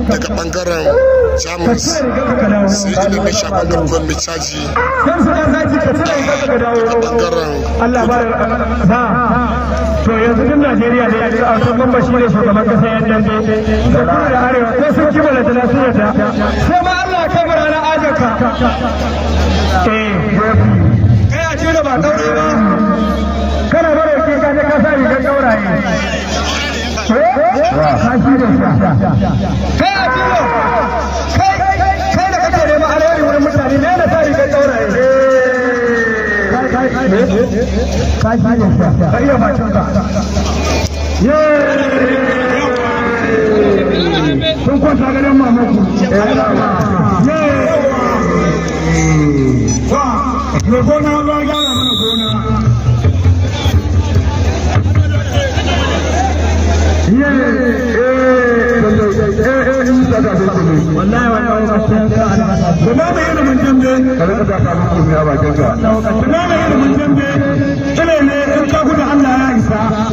daga bangaren jamus sai ilimin shafan garkuwar mai caji daga bangaren to yanzu duk najeriya ne yanzu a kan bamba shi ne shugaban kasa yan dambe da kuma da arewa ko sun kiba da tana suna da sai ma allah kai mara na ajaka eh kai a ce da ba kaure ba kana bare ke ka ne ka sa rigar kauraye Wow. Eh? ka shi ne ka iya ba gyara mana gona wallahi wallahi ba sai ka alƙasa kuma mai ilimin dambe ka rika ta ka mutum ya bakin ka kuma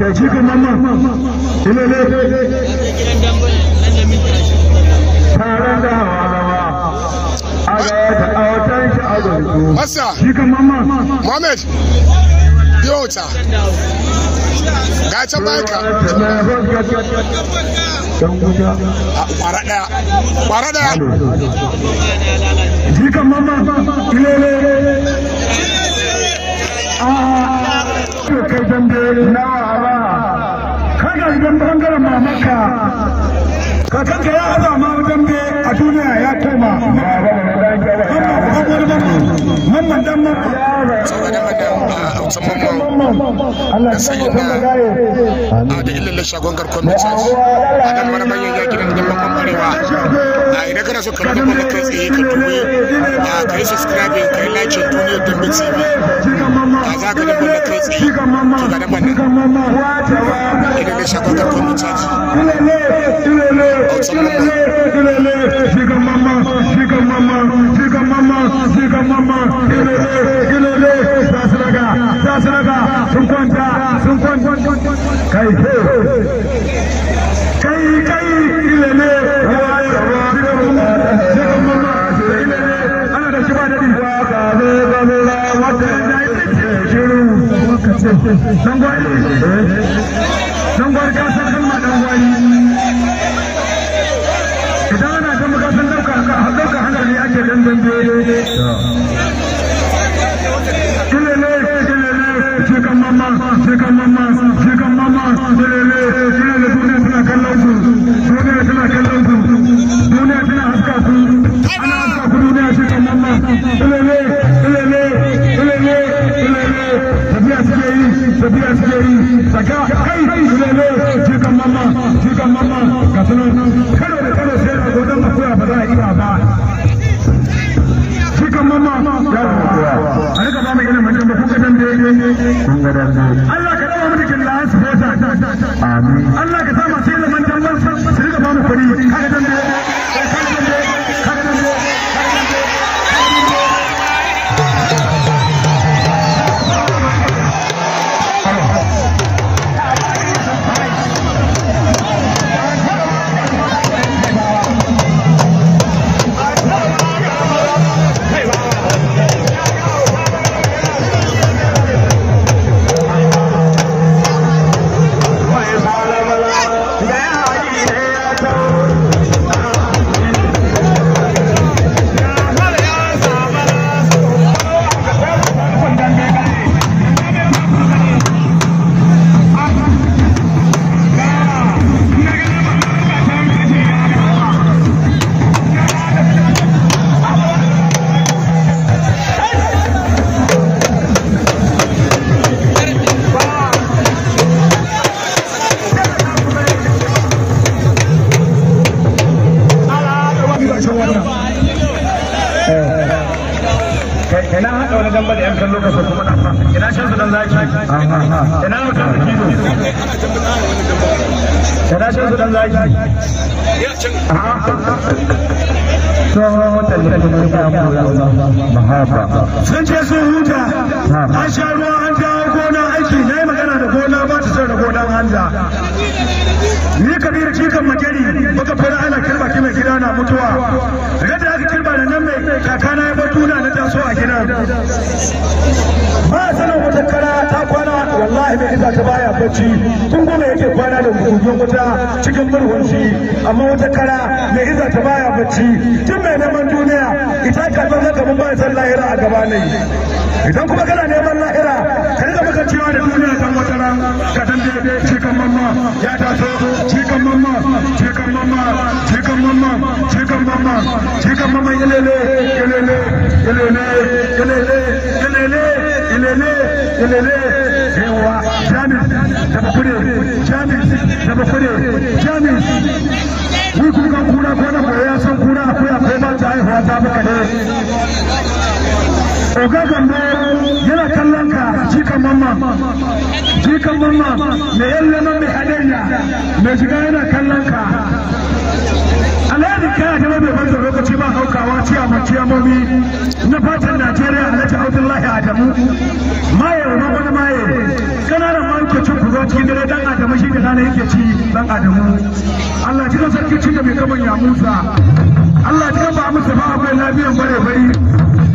da jikin nan man ilele taron da wa. a ga a watan shi a gwarzo masa jikin man man mohamed yota ga ta baka kwara daya kwara daya jikin man man ilele Dambangara Mamaka kakanka a duniya ya ka kai ka a sun kwanta sun kwanta kai kai kai ilele ana da shi ba daɗi dan gwari dan gwari ka san kalma dan gwari dande kilele kilele shi kan mamma shi kan mamma shi kan mamma kilele kilele duniya suna kallon ku duniya suna kallon ku duniya suna haska ku ana haska ku duniya shi kan mamma kilele kilele kilele kilele tafiya suke yi tafiya suke yi saka kai kilele shi kan mamma shi kan mamma ga sunan sun ce sun huta a sha an gona aiki na ana da gona ba ta son rago hanza ni kabiru cikin makeri baka fara ana kirba ki mai gida na mutuwa da aka kirba da nan mai kakana ya bar tuna na taso a gidan ba sanin wata kara ta kwana wallahi mai ita ta baya bacci kun goma yake kwana da gudun wuta cikin murhun shi amma wata kara mai iza ta baya bacci tun mai neman duniya ita ka zama kamar ba san lahira a gaba ne idan kuma kana neman lahira ka da cewa da duniya kan wata ran ka dan daidai cikan mamma ya taso cikan mamma cikan mamma cikan mamma cikan mamma cikan mamma ilele ilele ilele ilele ilele ilele ilele yawa jami da bakure jami da bakure jami ni kuka kura kwana ko ya san kura akwai akwai ba ta haihuwa ta baka ne oga gambo jikan murna mai yan lemon mai halayya mai shiga yana kallon ka alhaji kaya ta bai banta lokaci ba haukawa ciyama ciyamomi na fatan najeriya a alhaji Lahi adamu maye wani wani maye kananan mahaukacin ku zo cikin dare dan adamu shi ne na yake ci dan adamu allah cikin sarki ci da mai kaman ya musa allah cikin ba musa ba akwai lafiyan bare bari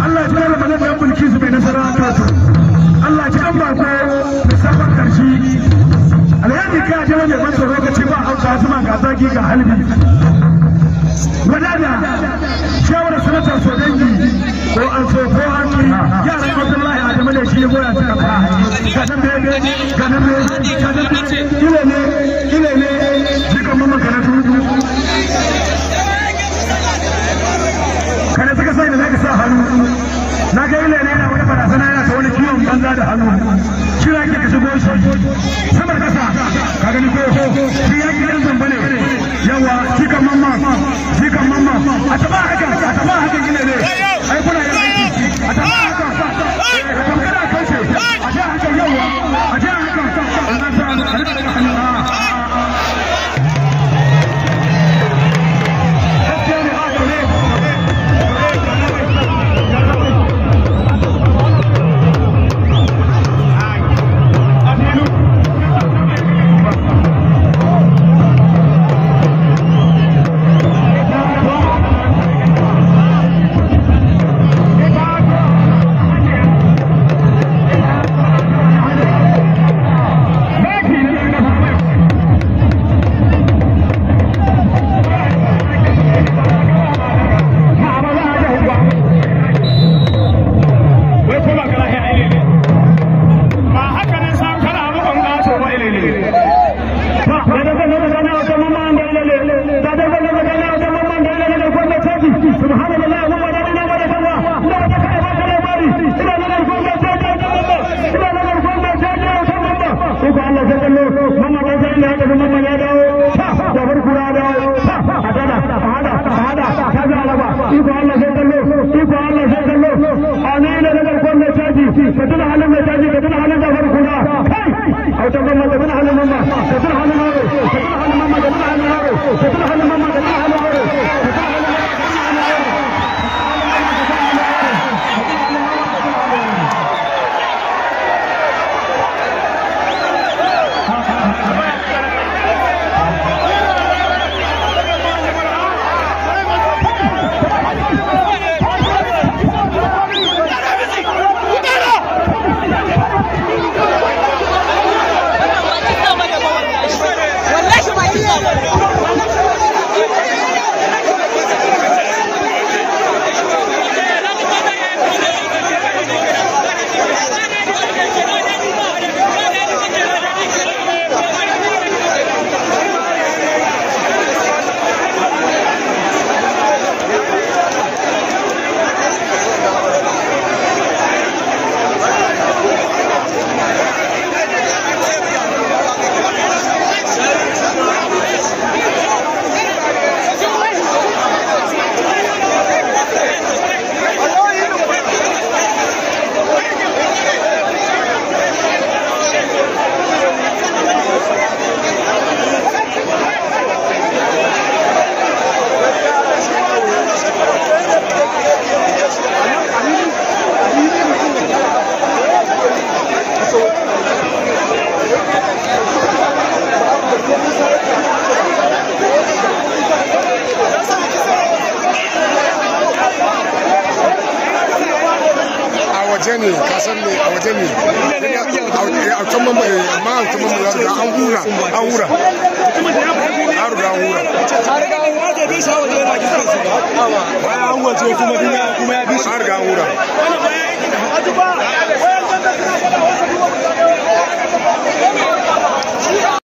allah cikin ramadan da mulki su mai nasara a su Allah ji an bako da sabon karshe alhaji ka ji wani ban lokaci ba hausa ka ma ga zagi ga halbi wadada shawarar sanatar so dangi ko an so ko hannu yaran abdullahi adamu da shi goya suka fara ga nan bebe ga nan bebe ga nan bebe ile ne ile ne jika mun makaratu kana suka sai da zaka sa hannu na ga ile ne aikin banza da hannu kira ke ka shigo shi samar kasa ka gani ko shi yaki yan zamba ne yawa shi kan mamma shi kan mamma a taba haka a taba haka gine ne ai kuna yin aiki a taba haka వెళ్ళు మమ్మ ప్రజలు లేకడు మమ్మ లేదావు ఎవరు కూడాదావు అదన పాద పాద కదాలవ ఈ బాల చేతల్లో ఈ బాల చేతల్లో అనేక నెలకొన్న చేసి పెద్దల హాలం చేసి పెద్దల హాలం ఎవరు కూడా అవుతమ్మమ్మ పెద్దల హాలమమ్మ పెద్దల హాలం పెద్దల హాలమమ్మ పెద్దల హాలం పెద్దల హాలమమ్మ పెద్దల హాలం waje ne kasan ne a waje ne a can mamma amma a can an hura an hura an an hura bayan an wace kuma kuma ya bi shi an an hura